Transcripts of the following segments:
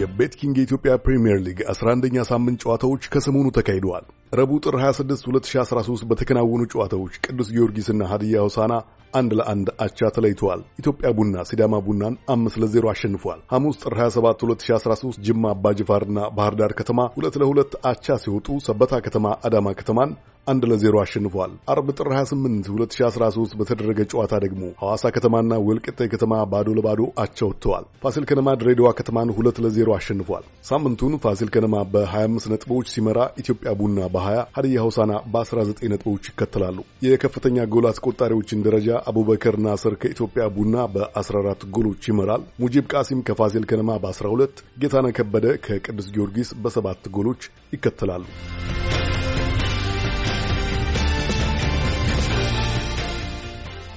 የቤት ኪንግ የኢትዮጵያ ፕሪምየር ሊግ 11ኛ ሳምንት ጨዋታዎች ከሰሞኑ ተካሂደዋል። ረቡዕ ጥር 26 2013 በተከናወኑ ጨዋታዎች ቅዱስ ጊዮርጊስና ሀዲያ ሆሳና አንድ ለአንድ አቻ ተለይተዋል። ኢትዮጵያ ቡና ሲዳማ ቡናን አምስት ለዜሮ አሸንፏል። ሐሙስ ጥር 27 2013 ጅማ አባጅፋርና ባህር ዳር ከተማ ሁለት ለሁለት አቻ ሲወጡ ሰበታ ከተማ አዳማ ከተማን አንድ ለዜሮ አሸንፏል። አርብ ጥር 28 2013 በተደረገ ጨዋታ ደግሞ ሐዋሳ ከተማና ወልቂጤ ከተማ ባዶ ለባዶ አቻ ወጥተዋል። ፋሲል ከነማ ድሬዳዋ ከተማን ሁለት ለዜሮ አሸንፏል። ሳምንቱን ፋሲል ከነማ በ25 ነጥቦች ሲመራ ኢትዮጵያ ቡና በ20 ሀዲያ ሆሳና በ19 ነጥቦች ይከተላሉ። የከፍተኛ ጎል አስቆጣሪዎችን ደረጃ አቡበከር ናስር ከኢትዮጵያ ቡና በ14 ጎሎች ይመራል። ሙጂብ ቃሲም ከፋሲል ከነማ በ12 ጌታነ ከበደ ከቅዱስ ጊዮርጊስ በሰባት ጎሎች ይከተላሉ።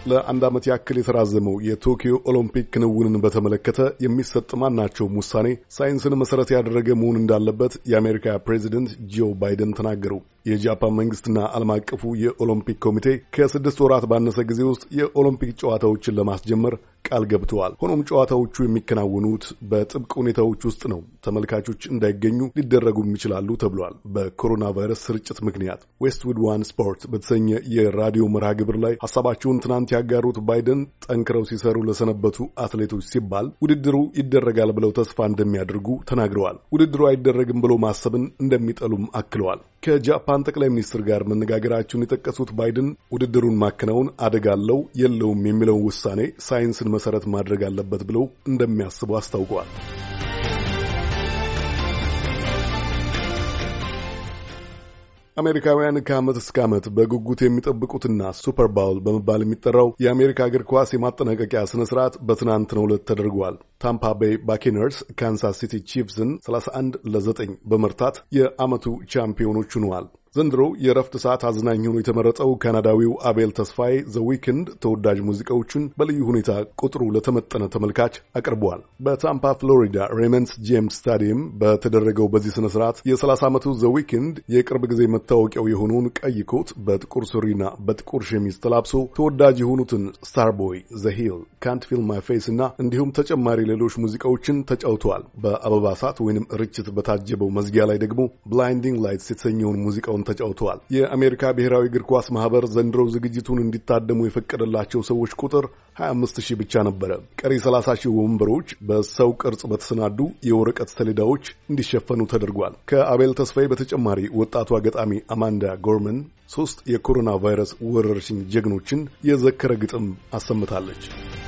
ለአንድ ዓመት ያክል የተራዘመው የቶኪዮ ኦሎምፒክ ክንውንን በተመለከተ የሚሰጥ ማናቸውም ውሳኔ ሳይንስን መሠረት ያደረገ መሆን እንዳለበት የአሜሪካ ፕሬዚደንት ጆ ባይደን ተናገሩ። የጃፓን መንግስትና ዓለም አቀፉ የኦሎምፒክ ኮሚቴ ከስድስት ወራት ባነሰ ጊዜ ውስጥ የኦሎምፒክ ጨዋታዎችን ለማስጀመር ቃል ገብተዋል። ሆኖም ጨዋታዎቹ የሚከናወኑት በጥብቅ ሁኔታዎች ውስጥ ነው። ተመልካቾች እንዳይገኙ ሊደረጉም ይችላሉ ተብሏል። በኮሮና ቫይረስ ስርጭት ምክንያት ዌስትውድ ዋን ስፖርት በተሰኘ የራዲዮ መርሃ ግብር ላይ ሀሳባቸውን ትናንት ያጋሩት ባይደን ጠንክረው ሲሰሩ ለሰነበቱ አትሌቶች ሲባል ውድድሩ ይደረጋል ብለው ተስፋ እንደሚያደርጉ ተናግረዋል። ውድድሩ አይደረግም ብሎ ማሰብን እንደሚጠሉም አክለዋል። ከጃፓን ጠቅላይ ሚኒስትር ጋር መነጋገራቸውን የጠቀሱት ባይደን ውድድሩን ማከናወን አደጋ አለው የለውም የሚለውን ውሳኔ ሳይንስን መሰረት ማድረግ አለበት ብለው እንደሚያስቡ አስታውቀዋል። አሜሪካውያን ከዓመት እስከ ዓመት በጉጉት የሚጠብቁትና ሱፐር ባውል በመባል የሚጠራው የአሜሪካ እግር ኳስ የማጠናቀቂያ ስነ ስርዓት በትናንትናው ዕለት ተደርጓል። ታምፓ ቤይ ባኪነርስ ካንሳስ ሲቲ ቺፍስን 31 ለ9 በመርታት የዓመቱ ቻምፒዮኖች ሆነዋል። ዘንድሮ የእረፍት ሰዓት አዝናኝ ሆኖ የተመረጠው ካናዳዊው አቤል ተስፋዬ ዘ ዊክንድ ተወዳጅ ሙዚቃዎቹን በልዩ ሁኔታ ቁጥሩ ለተመጠነ ተመልካች አቅርበዋል። በታምፓ ፍሎሪዳ ሬመንስ ጄምስ ስታዲየም በተደረገው በዚህ ስነ ስርዓት የ30 ዓመቱ ዘ ዊክንድ የቅርብ ጊዜ መታወቂያው የሆነውን ቀይ ኮት በጥቁር ሱሪና በጥቁር ሸሚዝ ተላብሶ ተወዳጅ የሆኑትን ስታርቦይ፣ ዘ ሂል፣ ካንት ፊል ማይ ፌስ እና እንዲሁም ተጨማሪ ሌሎች ሙዚቃዎችን ተጫውተዋል። በአበባ ሰዓት ወይንም ርችት በታጀበው መዝጊያ ላይ ደግሞ ብላይንዲንግ ላይትስ የተሰኘውን ሙዚቃው ጨዋታውን ተጫውተዋል። የአሜሪካ ብሔራዊ እግር ኳስ ማህበር ዘንድሮ ዝግጅቱን እንዲታደሙ የፈቀደላቸው ሰዎች ቁጥር 25 ሺህ ብቻ ነበረ። ቀሪ 30 ሺህ ወንበሮች በሰው ቅርጽ በተሰናዱ የወረቀት ሰሌዳዎች እንዲሸፈኑ ተደርጓል። ከአቤል ተስፋዬ በተጨማሪ ወጣቷ ገጣሚ አማንዳ ጎርመን ሶስት የኮሮና ቫይረስ ወረርሽኝ ጀግኖችን የዘከረ ግጥም አሰምታለች።